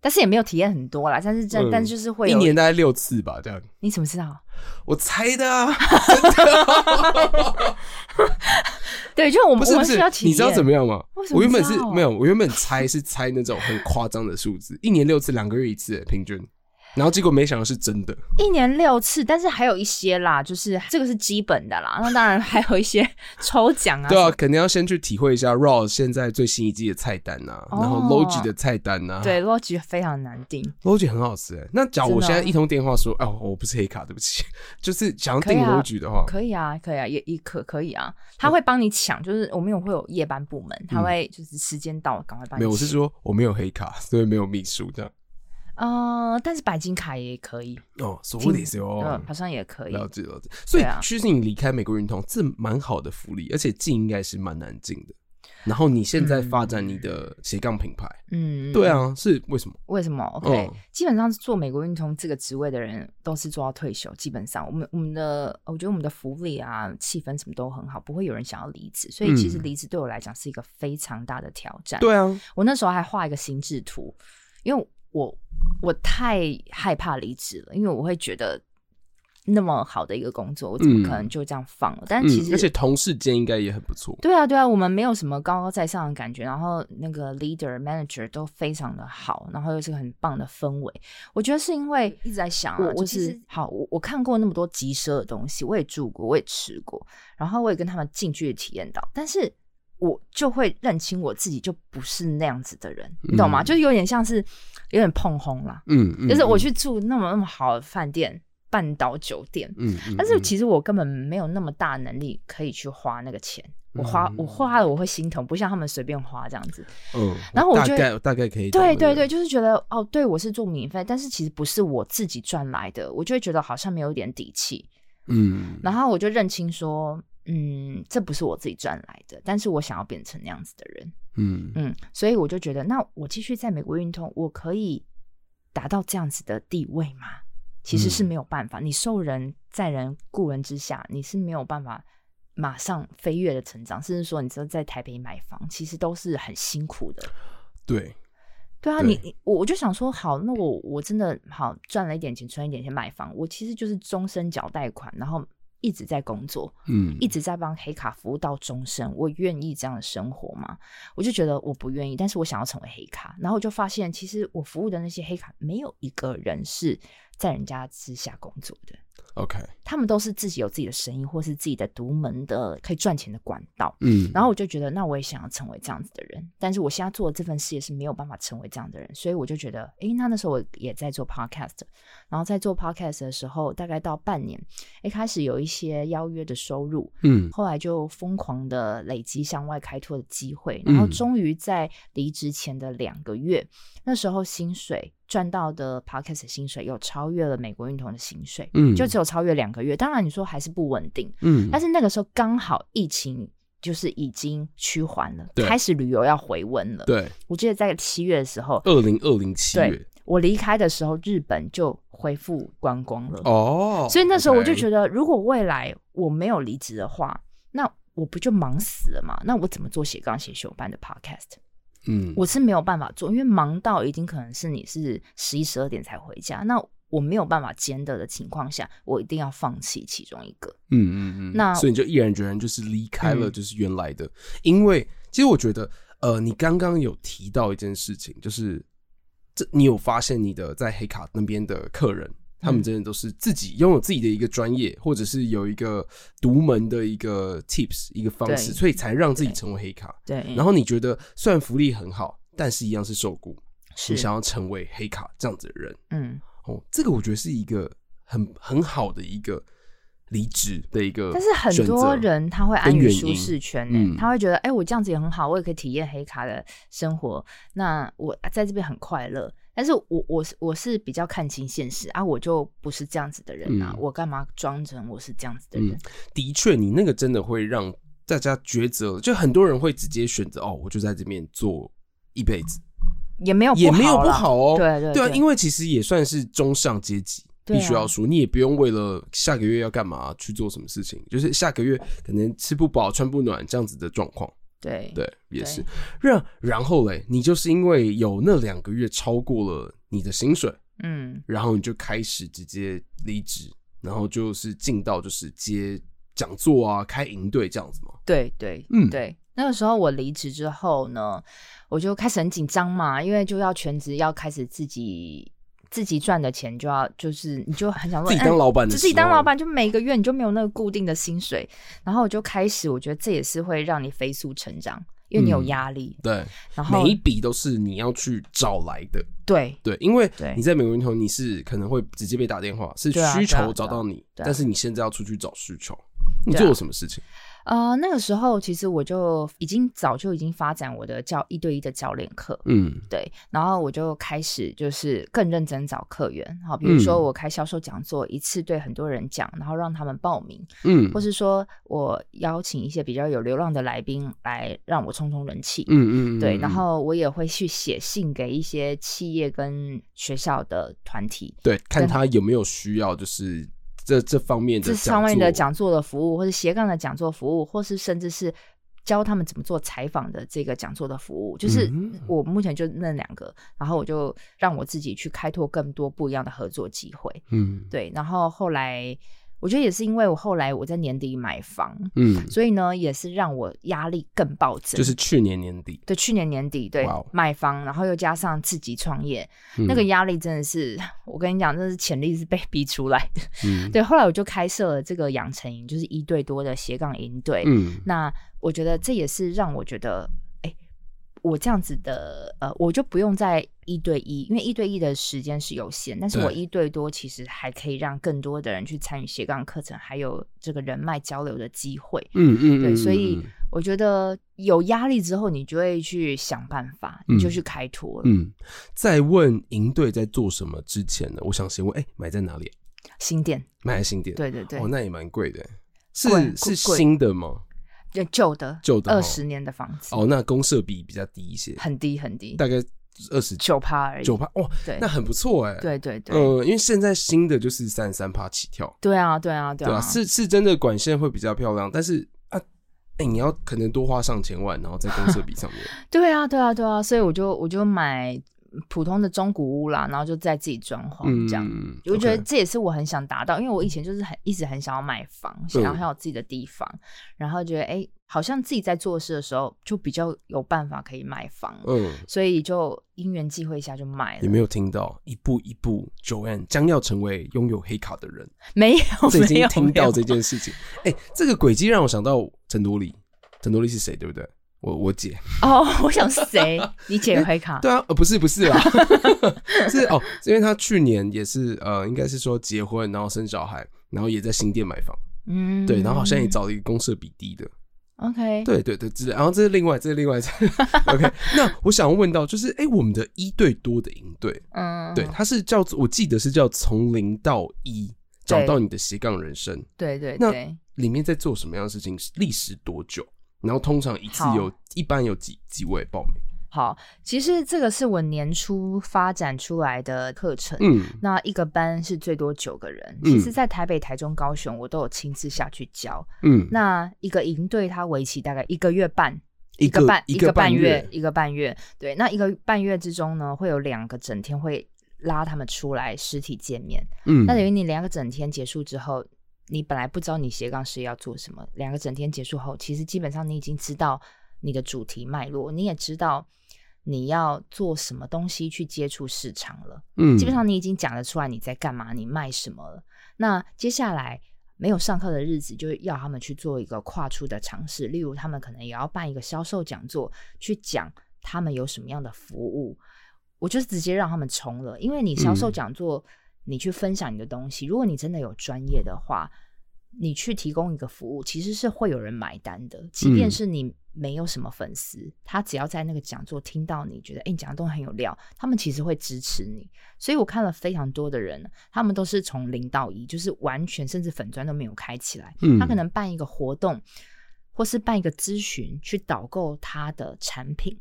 但是也沒有體驗很多啦，但是真、嗯、但是就是會一年大概六次吧，這樣。你怎麼知道？我猜的啊。真的 對，就我們不是不是需要體驗你知道怎麼樣嗎？我、啊、我原本是沒有，我原本猜是猜那種很誇張的數字， 一年六次，兩個月一次，平均。然後結果沒想到是真的，一年六次，但是還有一些啦，就是這個是基本的啦。那當然還有一些抽獎啊。 對啊，肯定要先去體會一下 RAW 現在最新一季的菜單吶、啊，哦、然後 Logi 的菜單吶、啊。對，Logi 非常難訂，Logi 很好吃、欸。那假如我現在一通電話說，的哦，我不是黑卡，對不起，就是想要訂 Logi 的話，可以啊，可以啊，可以啊，也也可可以啊。他會幫你搶，就是我們有會有夜班部門，嗯、他會就是時間到了趕快幫你。沒有，我是說我沒有黑卡，所以沒有秘書這樣。哦、呃，但是白金卡也可以哦，所以是哦，好像金吧也可以。了解了解。所以、啊、其實你離開美國運通是蠻好的福利，而且進應該是蠻難進的。然後你現在發展你的斜槓品牌，嗯，對啊，是為什麼？為什麼？OK，、嗯、基本上做美國運通這個職位的人都是做到退休。基本上我，我們我們的我覺得我們的福利啊、氣氛什麼都很好，不會有人想要離職。所以其實離職對我來講是一個非常大的挑戰。嗯、對啊，我那時候還畫一個心智圖，因為。我我太害怕離職了，因為我會覺得那麼好的一個工作，我怎麼可能就這樣放了？嗯、但其實，嗯、而且同事間應該也很不錯。對啊，對啊，我們沒有什麼高高在上的感覺，然後那個 leader manager 都非常的好，然後又是很棒的氛圍。我覺得是因為一直在想啊，就是好，我我看過那麼多極奢的東西，我也住過，我也吃過，然後我也跟他們近距離體驗到，但是。我就會認清我自己，就不是那樣子的人，嗯、你懂嗎？就是有點像是有點膨風了，嗯，嗯，就是我去住那麼那麼好的飯店，嗯、半島酒店，嗯，嗯，但是其實我根本沒有那麼大能力可以去花那個錢，嗯、我花我花了我會心疼，不像他們隨便花這樣子，嗯，然後我就我大概我大概可以，對對對，就是覺得哦，對我是做免費，但是其實不是我自己賺來的，我就會覺得好像沒有一點底氣，嗯，然後我就認清說。嗯，這不是我自己賺來的，但是我想要變成那樣子的人。嗯嗯，所以我就覺得，那我繼續在美國運通，我可以達到這樣子的地位嗎？其實是沒有辦法。嗯、你受人在人雇人之下，你是沒有辦法馬上飛躍的成長，甚至說，你知道在台北買房，其實都是很辛苦的。對，對啊，對你我我就想說，好，那我我真的好賺了一點錢，存一點錢買房，我其實就是終身繳貸款，然後。一直在工作，嗯，一直在幫黑卡服務到終身。我願意這樣的生活嗎？我就覺得我不願意，但是我想要成為黑卡。然後我就發現，其實我服務的那些黑卡，沒有一個人是。在人家之下工作的，OK，他們都是自己有自己的生意，或是自己的獨門的可以賺錢的管道，嗯，然後我就覺得，那我也想要成為這樣子的人，但是我現在做的這份事業是沒有辦法成為這樣的人，所以我就覺得，欸，那那時候我也在做 Podcast，然後在做 Podcast 的時候，大概到半年，一開始有一些邀約的收入，嗯，後來就瘋狂的累積向外開拓的機會，然後終於在離職前的兩個月，嗯、那時候薪水。賺到的 podcast 薪水又超越了美國運通的薪水，嗯，就只有超越兩個月。當然，你說還是不穩定，嗯，但是那個時候剛好疫情就是已經趨緩了，對開始旅遊要回溫了。對，我記得在七月的時候，二零二零七月，對，我離開的時候，日本就恢復觀光了。哦，oh, 所以那時候我就覺得，如果未來我沒有離職的話，Okay. 那我不就忙死了嗎？那我怎麼做斜槓先修班的 podcast？嗯，我是沒有辦法做，因為忙到已經可能是你是十一十二點才回家，那我沒有辦法兼得的情況下，我一定要放棄其中一個。嗯嗯嗯，嗯嗯，那所以你就毅然決然就是離開了就是原來的，嗯、因為其實我覺得，呃，你剛剛有提到一件事情，就是這你有發現你的在黑卡那邊的客人。他們真的都是自己擁有自己的一個專業，或者是有一個獨門的一個 tips 一個方式，對所以才讓自己成為黑卡。對，對然後你覺得雖然福利很好，但是一樣是受僱。是你想要成為黑卡這樣子的人，嗯，哦，這個我覺得是一個很很好的一個離職的一個，但是很多人他會安於舒適圈、欸，哎，嗯、他會覺得，哎、欸，我這樣子也很好，我也可以體驗黑卡的生活，那我在這邊很快樂。但是我我是我是比較看清現實啊，我就不是這樣子的人啊，嗯、我幹嘛裝成我是這樣子的人？嗯、的確，你那個真的會讓大家抉擇，就很多人會直接選擇哦，我就在這邊做一輩子，也沒有也沒有不好哦，不好喔、對對對，對，對啊，因為其實也算是中上階級，啊、必須要說你也不用為了下個月要幹嘛去做什麼事情，就是下個月可能吃不飽穿不暖這樣子的狀況。對對也是，然，對，然後呢，你就是因為有那兩個月超過了你的薪水，嗯，然後你就開始直接離職，然後就是進到就是接講座啊，開營隊這樣子嘛。對對，對嗯對，那個時候我離職之後呢，我就開始很緊張嘛，因為就要全職要開始自己。自己賺的錢就要就是你就很想說自己當老板，嗯、自己當老板就每個月你就沒有那個固定的薪水，然後我就開始我覺得這也是會讓你飛速成長，因為你有壓力，嗯，對，然後每一筆都是你要去找來的，對對，因為你在美國運通你是可能會直接被打電話，是需求找到你，啊啊啊啊、但是你現在要出去找需求，你做了什麼事情？啊，uh, 那個時候其實我就已經早就已經發展我的教一對一的教練課，嗯，對，然後我就開始就是更認真找客源好，比如說我開銷售講座一次對很多人講，嗯、然後讓他們報名，嗯，或是說我邀請一些比較有流量的來賓來讓我衝衝人氣，嗯嗯，嗯嗯對，然後我也會去寫信給一些企業跟學校的團體，對，看他有沒有需要就是。這這方面的是上面的講座的服務，或是斜槓的講座服務，或是甚至是教他們怎麼做採訪的這個講座的服務，就是我目前就那兩個，嗯、然後我就讓我自己去開拓更多不一樣的合作機會。嗯，對，然後後來。我覺得也是因為我後來我在年底買房，嗯，所以呢也是讓我壓力更暴增，就是去年年底，對，去年年底對 Wow 買房，然後又加上自己創業，嗯、那個壓力真的是，我跟你講，這是潛力是被逼出來的，嗯、對。後來我就開設了這個養成營，就是一對多的斜槓營隊，嗯，那我覺得這也是讓我覺得。我這樣子的，呃，我就不用在一對一，因為一對一的時間是有限，但是我一對多其實還可以讓更多的人去參與斜槓課程，還有這個人脈交流的機會。嗯嗯對，嗯所以我覺得有壓力之後，你就會去想辦法，嗯、你就去開拓嗯。嗯。在問營隊在做什麼之前呢，我想先問：哎、欸，買在哪裡？新店。買在新店、嗯。對對對。哦，那也蠻貴的。是貴是新的嗎？舊的舊的二十年的房子哦，那公設比比較低一些，很低很低，大概二十九趴而已，九趴哦，對，那很不錯哎、欸，對對對，呃，因為現在新的就是三十三趴起跳，對啊對啊對啊，對啊，是是真的管線會比較漂亮，但是啊，哎、欸，你要可能多花上千萬，然後在公設比上面， 對啊對啊對啊，所以我就我就買。普通的中古屋啦，然後就在自己裝潢這樣，我、嗯、覺得這也是我很想達到，嗯、因為我以前就是很一直很想要買房，想要很有自己的地方，嗯、然後覺得哎、欸，好像自己在做事的時候就比較有辦法可以買房，嗯，所以就因緣際會下就買了。你沒有聽到一步一步 Joanne 將要成為擁有黑卡的人？沒有，沒有聽到這件事情。哎、欸，這個軌跡讓我想到陳獨力，陳獨力是誰？對不對？我我姐哦，我想是誰？ 你姐回卡、欸？對啊，呃，不是不是啊、 哦，是哦，因為他去年也是呃，應該是說結婚，然後生小孩，然後也在新店買房，嗯，對，然後好像也找了一個公設比低的，OK，嗯、對對對，然後這是另外，這是另外一 OK 那我想問到，就是哎、欸，我們的一對多的營隊，嗯，對，它是叫做，我記得是叫從零到一對找到你的斜槓人生，對對，對對，那裡面在做什麼樣的事情？歷時多久？然後通常一次有好一般有幾幾位報名？好，其實這個是我年初發展出來的課程。嗯，那一個班是最多九個人。嗯，其實在台北、台中、高雄，我都有親自下去教。嗯，那一個營隊它為期大概一個月半，一個,一個半一個半月，一個半月,一個半月。對，那一個半月之中呢，會有兩個整天會拉他們出來實體見面。嗯，那等於你兩個整天結束之後。你本來不知道你斜槓是要做什麼，兩個整天結束後，其實基本上你已經知道你的主題脈絡，你也知道你要做什麼東西去接觸市場了。嗯，基本上你已經講得出來你在幹嘛，你賣什麼了。那接下來沒有上課的日子，就要他們去做一個跨出的嘗試，例如他們可能也要辦一個銷售講座，去講他們有什麼樣的服務。我就是直接讓他們衝了，因為你銷售講座。嗯你去分享你的東西，如果你真的有專業的話，你去提供一個服務，其實是會有人買單的。即便是你沒有什麼粉絲，嗯、他只要在那個講座聽到你覺得哎、欸，你講的都很有料，他們其實會支持你。所以，我看了非常多的人，他們都是從零到一，就是完全甚至粉專都沒有開起來。嗯、他可能辦一個活動，或是辦一個諮詢，去導購他的產品。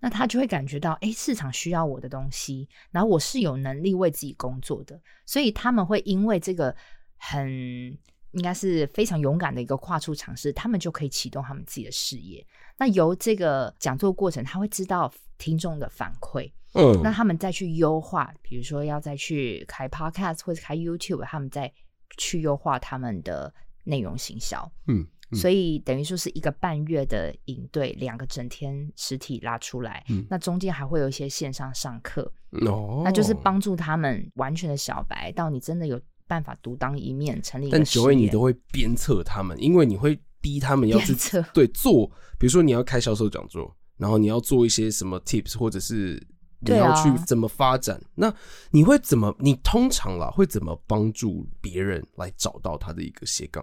那他就會感覺到，哎，市場需要我的東西，然後我是有能力為自己工作的，所以他們會因為這個很應該是非常勇敢的一個跨出嘗試，他們就可以啟動他們自己的事業。那由這個講座過程，他會知道聽眾的反饋，嗯，oh. 那他們再去優化，比如說要再去開 Podcast 或者開 YouTube，他們再去優化他們的內容行銷，嗯。所以等於說是一個半月的營隊，兩、嗯、個整天實體拉出來，嗯、那中間還會有一些線上上課，哦、那就是幫助他們完全的小白到你真的有辦法獨當一面成立一個。但 Joanne 你都會鞭策他們，因為你會逼他們要去策對做，比如說你要開銷售講座，然後你要做一些什麼 tips，或者是你要去怎麼發展，啊、那你會怎麼？你通常啦會怎麼幫助別人來找到他的一個斜槓？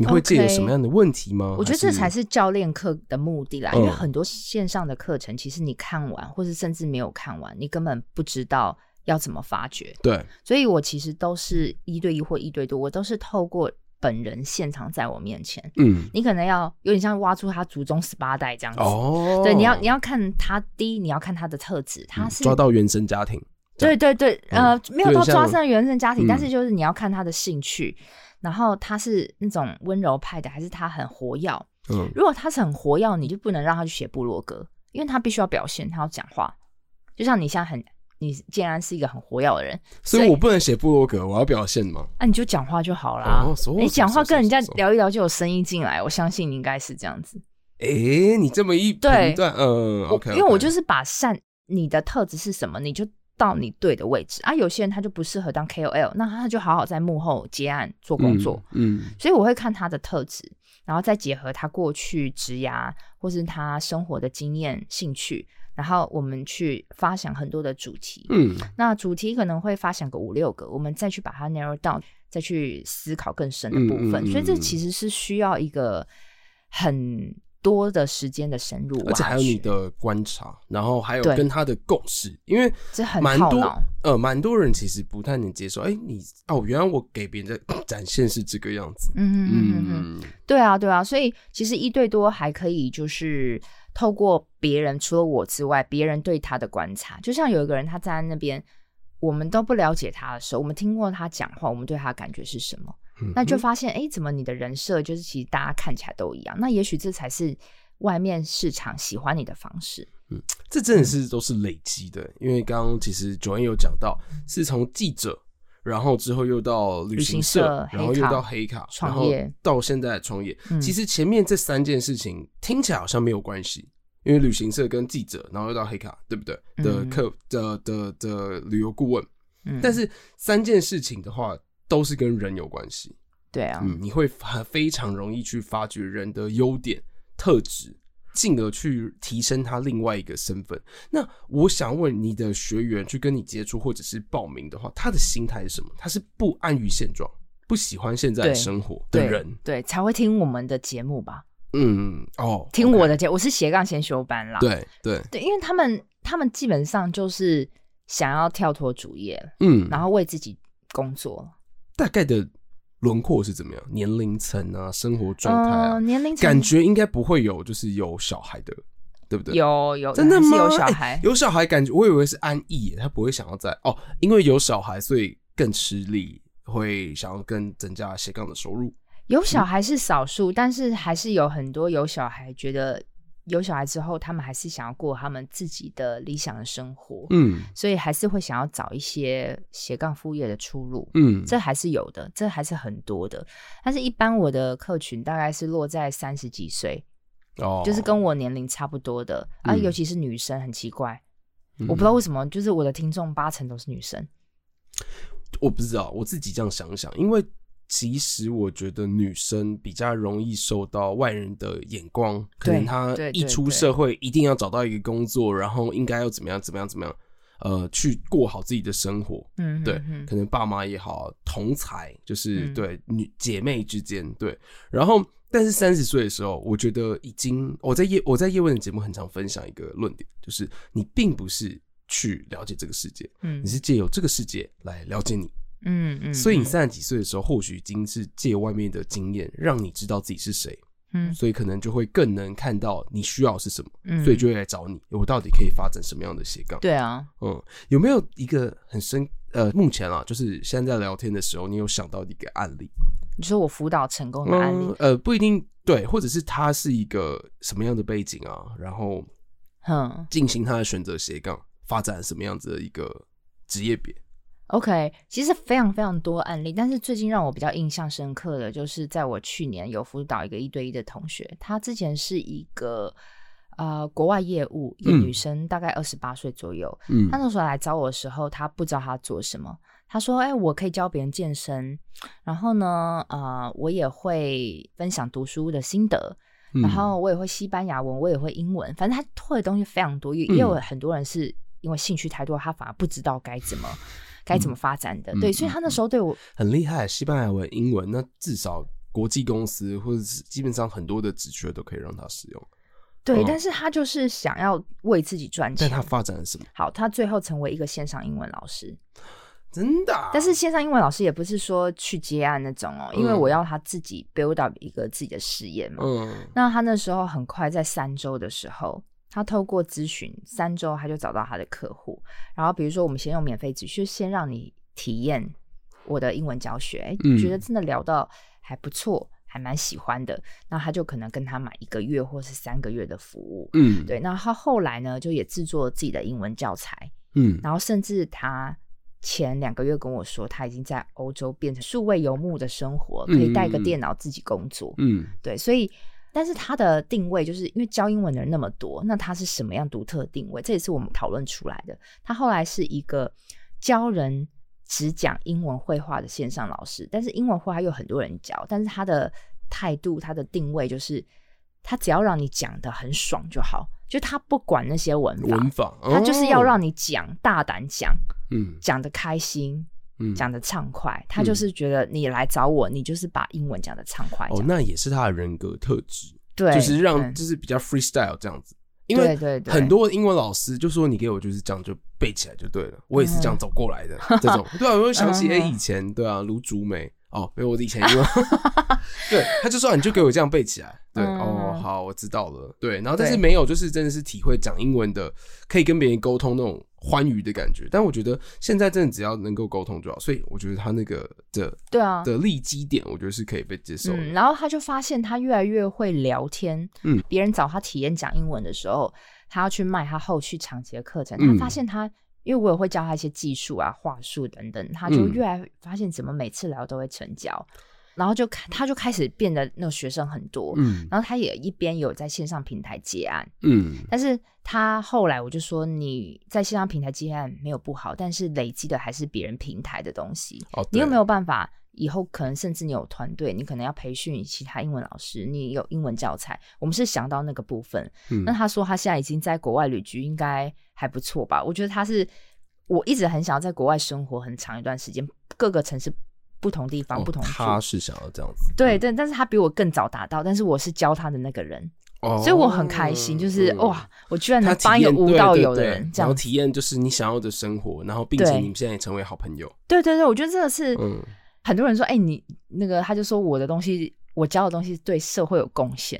你會解有什麼樣的問題嗎？Okay, 是我覺得這才是教練課的目的啦，嗯，因為很多線上的課程，其實你看完，或是甚至沒有看完，你根本不知道要怎麼發掘。對，所以我其實都是一對一或一對多，我都是透過本人現場在我面前。嗯，你可能要有點像挖出他祖宗十八代這樣子哦。對，你要你要看他第一，你要看他的特質，他是抓到原生家庭。對對對，嗯、呃，沒有到抓上原生家庭，但是就是你要看他的興趣，嗯、然後他是那種溫柔派的，還是他很活躍。嗯，如果他是很活躍，你就不能讓他去寫部落格，因為他必須要表現，他要講話。就像你現在很，你既然是一個很活躍的人，所以我不能寫部落格，我要表現嘛。那以、啊、你就講話就好啦。哦、你講話跟人家聊一聊就有聲音進來，我相信你應該是這樣子。哎、欸，你這麼一對。嗯，OK，, okay. 因為我就是把善你的特質是什麼，你就。到你對的位置啊，有些人他就不適合當 KOL，那他就好好在幕後接案做工作。嗯，嗯，所以我會看他的特質，然後再結合他過去職涯或是他生活的經驗、興趣，然後我們去發想很多的主題。嗯，那主題可能會發想個五六個，我們再去把它 narrow down，再去思考更深的部分。嗯，嗯，嗯。所以這其實是需要一個很。多的時間的深入，而且還有你的觀察，然後還有跟他的共識，對因為蠻多這很耗腦，呃，蠻多人其實不太能接受。哎、欸，你哦，原來我給別人的 展現是這個樣子。嗯哼嗯哼嗯，對啊對啊，所以其實一對多還可以，就是透過別人，除了我之外，別人對他的觀察，就像有一個人他站在那邊，我們都不了解他的時候，我們聽過他講話，我們對他感覺是什麼？那就發現，哎，怎麼你的人設就是其實大家看起來都一樣？那也許這才是外面市場喜歡你的方式。嗯，這真的是都是累積的，因為剛剛其實 Joanne 有講到，是從記者，然後之後又到旅行社，然後又到黑卡，創業，然後到現在創業。其實前面這三件事情聽起來好像沒有關係，因為旅行社跟記者，然後又到黑卡，對不對？的客的的的旅遊顧問，但是三件事情的話。都是跟人有關係，對啊，嗯，你會非常容易去發掘人的優點特質，進而去提升他另外一個身份。那我想問你的學員去跟你接觸或者是報名的話，他的心態是什麼？他是不安於現狀，不喜歡現在生活的人，對，對、對才會聽我們的節目吧？嗯，哦，聽我的節，okay 我是斜槓先修班啦，對對對，因為他們他們基本上就是想要跳脫主業，嗯，然後為自己工作。大概的輪廓是怎麼樣？年齡層啊，生活狀態啊，呃、年齡層感覺應該不會有，就是有小孩的，對不對？有有真的嗎？有小孩，欸，有小孩感覺我以為是安逸，他不會想要在哦，因為有小孩所以更吃力，會想要跟增加斜槓的收入。有小孩是少數，嗯，但是還是有很多有小孩覺得。有小孩之後，他們還是想要過他們自己的理想的生活，嗯，所以還是會想要找一些斜槓副業的出路，嗯，這還是有的，這還是很多的。但是，一般我的客群大概是落在三十幾歲，哦，就是跟我年齡差不多的啊，嗯、而尤其是女生，很奇怪，嗯、我不知道為什麼，就是我的聽眾八成都是女生，我不知道，我自己這樣想想，因為。其實我覺得女生比較容易受到外人的眼光，可能她一出社會一定要找到一個工作，然後應該要怎麼樣怎麼樣怎麼樣，呃，去過好自己的生活，嗯、哼哼對，可能爸媽也好，同才就是、嗯、對女姐妹之間對，然後但是三十歲的時候，我覺得已經我在業我在業問的節目很常分享一個論點，就是你並不是去了解這個世界，嗯，你是借由這個世界來了解你。嗯嗯，嗯，所以你三十幾歲的時候，嗯、或許已經是借外面的經驗，讓你知道自己是誰。嗯，所以可能就會更能看到你需要是什麼，嗯、所以就會來找你。我到底可以發展什麼樣的斜槓？對啊，嗯，有沒有一個很深呃，目前啊，就是現在在聊天的時候，你有想到的一個案例？你說我輔導成功的案例？嗯、呃，不一定對，或者是他是一個什麼樣的背景啊？然後，嗯，進行他的選擇斜槓，發展什麼樣子的一個職業別？OK，其實非常非常多案例，但是最近讓我比較印象深刻的，就是在我去年有輔導一個一對一的同學，她之前是一個呃國外業務一個女生，嗯、大概二十八歲左右。嗯，她那時候來找我的時候，她不知道她做什麼。她說：“哎，我可以教別人健身，然後呢，呃，我也會分享讀書的心得，然後我也會西班牙文，我也會英文。反正她會的東西非常多。也有很多人是因為興趣太多，她反而不知道該怎麼。”該怎麼發展的？嗯、對，嗯、所以他那時候對我很厲害，西班牙文、英文，那至少國際公司或者是基本上很多的職缺都可以讓他使用。對，嗯、但是他就是想要為自己賺錢。但他發展了什麼？好，他最後成為一個線上英文老師，真的。但是線上英文老師也不是說去接案那種哦，嗯、因為我要他自己 build up 一個自己的事業嘛。嗯。那他那時候很快在三周的時候。他透過諮詢三周，他就找到他的客戶。然後，比如說，我們先用免費諮詢，先讓你體驗我的英文教學。嗯、覺得真的聊到還不錯，還蠻喜歡的。那他就可能跟他買一個月或是三個月的服務。嗯，對。那他後來呢，就也制作自己的英文教材。嗯，然後甚至他前兩個月跟我說，他已經在歐洲變成數位游牧的生活，嗯、可以帶個電腦自己工作。嗯，嗯，對。所以。但是他的定位就是因為教英文的人那麼多，那他是什麼樣獨特的定位？這也是我們討論出來的。他後來是一個教人只講英文會話的線上老師，但是英文會話有很多人教，但是他的態度、他的定位就是他只要讓你講得很爽就好，就他不管那些文法，文法哦、他就是要讓你講，大膽講，講得、嗯、開心。講得暢快，他就是覺得你來找我，嗯、你就是把英文講得暢快。哦，那也是他的人格特質，對，就是讓、嗯、就是比較 freestyle 這樣子。因為很多英文老師就說，你給我就是這樣就背起來就對了，對對對，我也是這樣走過來的。嗯、這種 對啊，我又想起哎以前 對啊，盧竹梅。哦，比如我的以前用， 對，他就說你就給我這樣背起來，對，嗯、哦，好，我知道了，對，然後但是沒有，就是真的是體會講英文的，對可以跟別人溝通那種歡愉的感覺，但我覺得現在真的只要能夠溝通就好，所以我覺得他那個的，對啊的利基點，我覺得是可以被接受的、嗯。然後他就發現他越來越會聊天，嗯，別人找他體驗講英文的時候，他要去賣他後續長期的課程，嗯、他發現他。因為我也會教他一些技術啊、話術等等，他就越來發現怎麼每次聊都會成交，嗯、然後就他就開始變得那個學生很多，嗯，然後他也一邊有在線上平台接案，嗯，但是他後來我就說，你在線上平台接案沒有不好，但是累積的還是別人平台的東西，哦、你有沒有辦法以後可能甚至你有團隊，你可能要培訓其他英文老師，你有英文教材，我們是想到那個部分，嗯，那他說他現在已經在國外旅居，應該。還不錯吧？我覺得他是，我一直很想要在國外生活很長一段時間，各個城市、不同地方、不同地方。他是想要這樣子，對，但但是他比我更早達到，但是我是教他的那個人，所以我很開心，就是哇，我居然能幫一個無道友的人，這樣體驗就是你想要的生活，然後並且你們現在也成為好朋友。對對對，我覺得真的是，很多人說，哎，你那個他就說我的東西，我教的東西對社會有貢獻，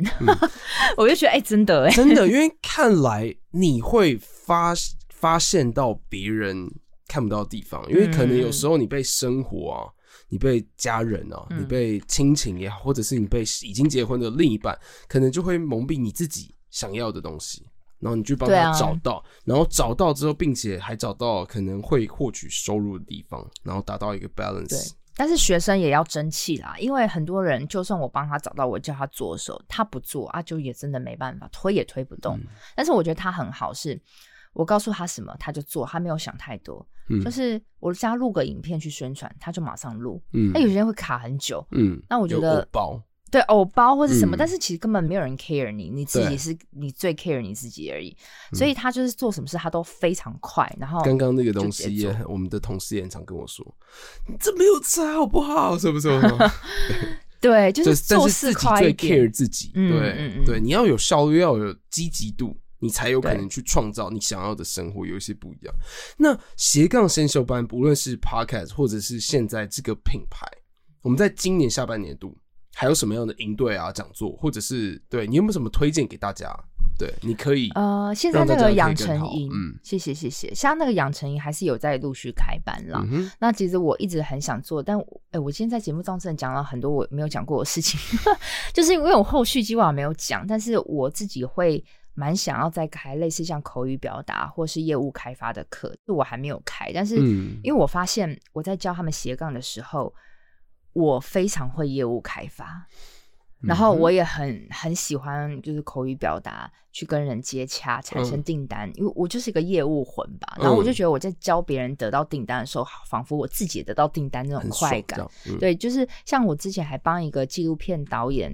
我就覺得哎，真的，哎，真的，因為看來你會。發發現到別人看不到的地方，因為可能有時候你被生活啊，嗯、你被家人啊，嗯、你被親情也好，或者是你被已經結婚的另一半，可能就會蒙蔽你自己想要的東西，然後你去幫他找到，啊、然後找到之後，並且還找到可能會獲取收入的地方，然後達到一個 balance。但是學生也要爭氣啦，因為很多人就算我幫他找到，我叫他做手，他不做啊，就也真的沒辦法推也推不動。嗯、但是我覺得他很好，是。我告訴他什麼，他就做，他沒有想太多。嗯，就是我叫他錄個影片去宣傳，他就馬上錄。嗯，那有些人會卡很久。嗯，那我覺得包對，偶包或者什麼，但是其實根本沒有人 care 你，你自己是你最 care 你自己而已。所以他就是做什麼事，他都非常快。然後剛剛那個東西，我們的同事也很常跟我說：“你這沒有差，好不好？什麼什麼。”對，就是做事，自己最 care 自己。對對，你要有效率，要有積極度。你才有可能去創造你想要的生活，有一些不一樣。對那斜槓先修班，不論是 Podcast 或者是現在這個品牌，我們在今年下半年度還有什麼樣的營隊啊、講座，或者是對你有沒有什麼推薦給大家？對，你可以，可以、呃、現在那個養成營，嗯，謝謝謝謝。像那個養成營還是有在陸續開班啦。嗯、哼那其實我一直很想做，但哎、欸，我今天在節目中真的講了很多我沒有講過的事情， 就是因為我後續計劃沒有講，但是我自己會。蠻想要再開類似像口語表達或是業務開發的課，我還沒有開。但是，因為我發現我在教他們斜槓的時候，我非常會業務開發，然後我也很很喜歡就是口語表達，去跟人接洽產生訂單，因為我就是一個業務魂吧。然後我就覺得我在教別人得到訂單的時候，仿佛我自己得到訂單那種快感。對，就是像我之前還幫一個紀錄片導演。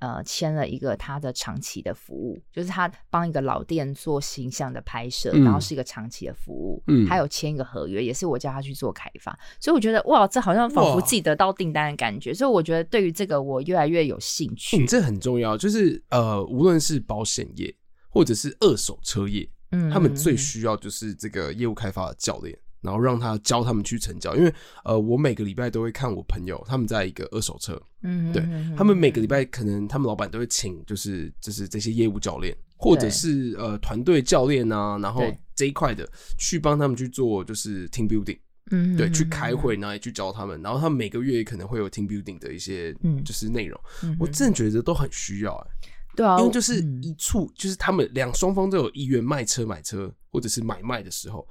呃，簽了一個他的長期的服務，就是他幫一個老店做形象的拍攝，嗯、然後是一個長期的服務，嗯，還有簽一個合約，也是我叫他去做開發，所以我覺得哇，這好像仿佛自己得到訂單的感覺，哇所以我覺得對於這個我越來越有興趣。嗯，這很重要，就是呃，無論是保險業或者是二手車業，嗯，他們最需要就是這個業務開發的教練。然後讓他教他們去成交，因為呃，我每個禮拜都會看我朋友他們在一個二手車，嗯、mm，hmm. 對，他們每個禮拜可能他們老板都會請，就是就是這些業務教練，或者是對呃團隊教練啊，然後這一塊的去幫他們去做就是 team building，嗯，對，對 mm hmm. 去開會，然後也去教他們，然後他們每個月可能會有 team building 的一些就是內容，mm hmm. 我真的覺得都很需要、欸，對啊，因為就是一處、嗯、就是他們兩雙方都有意願賣車買車或者是買賣的時候。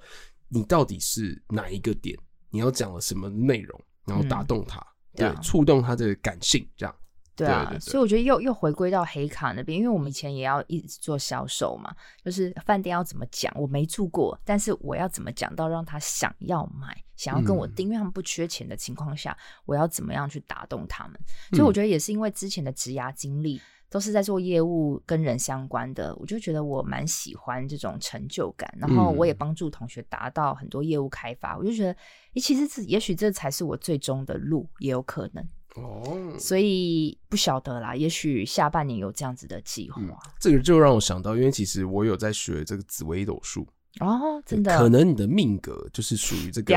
你到底是哪一個點？你要講了什麼內容，然後打動他。嗯對，啊、對，觸動他的感性，這樣。對啊，對對對對。所以我覺得又又回歸到黑卡那邊，因為我們以前也要一直做銷售嘛，就是飯店要怎麼講？我沒住過，但是我要怎麼講到讓他想要買，想要跟我訂？嗯、因為他們不缺錢的情況下，我要怎麼樣去打動他們？所以我覺得也是因為之前的職涯經歷。都是在做業務跟人相關的，我就覺得我蠻喜歡這種成就感，然後我也幫助同學達到很多業務開發，嗯、我就覺得，也、欸、其實這也許這才是我最終的路，也有可能哦，所以不曉得啦，也許下半年有這樣子的計劃、嗯。這個就讓我想到，因為其實我有在學這個紫微斗數哦，真的，可能你的命格就是屬於這個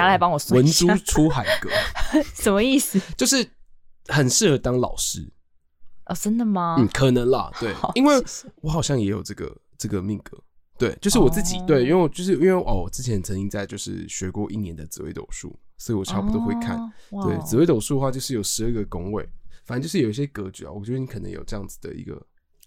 文珠出海格， 什麼意思？就是很適合當老師。啊，真的嗎？嗯，可能啦，對，因為我好像也有這個這個命格，對，就是我自己對，因為我就是因為哦，我之前曾經在就是學過一年的紫微斗數，所以我差不多會看。對，紫微斗數的話，就是有十二個宮位，反正就是有一些格局啊。我覺得你可能有這樣子的一個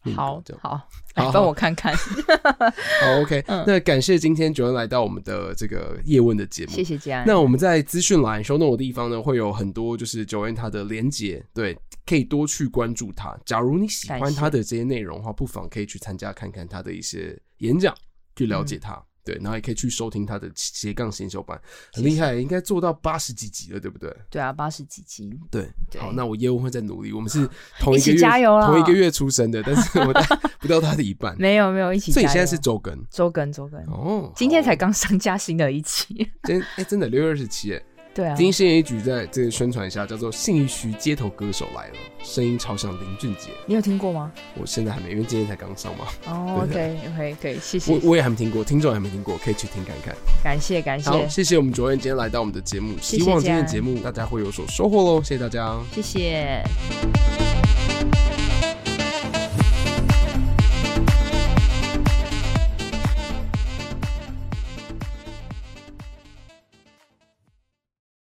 命格，好，好，來幫我看看。好，OK，那感謝今天 Joanne 來到我們的這個業問的節目，謝謝 Joanne。那我們在資訊欄收到我的地方呢，會有很多就是 Joanne 她的連結，對。可以多去關注他，假如你喜歡他的這些內容的話，是不妨可以去參加看看他的一些演講，去了解他。嗯、對，然後也可以去收聽他的斜槓先修班，很厲害，實應該做到八十幾集了，對不對？對啊，八十幾集。對，對好，那我業務會再努力。我們是同一個月，啊、一起加油同一個月出生的，但是我不到他的一半。 沒有沒有，一起。所以現在是週更，週更，週更。哦、oh, 好，今天才剛上架新的一期。真、欸、哎，真的六月二十七。對啊，今天先一舉在這個宣傳一下，叫做信義區街頭歌手來了，聲音超像林俊傑，你有聽過嗎？我現在還沒，因為今天才剛上嘛。哦，對，OK，對，okay, okay, okay, 謝謝。我我也還沒聽過，聽眾也還沒聽過，可以去聽看看。感謝感謝好，謝謝我們 Joanne 今天來到我們的節目，希望今天的節目大家會有所收穫嘍，謝謝大家，謝謝。謝謝。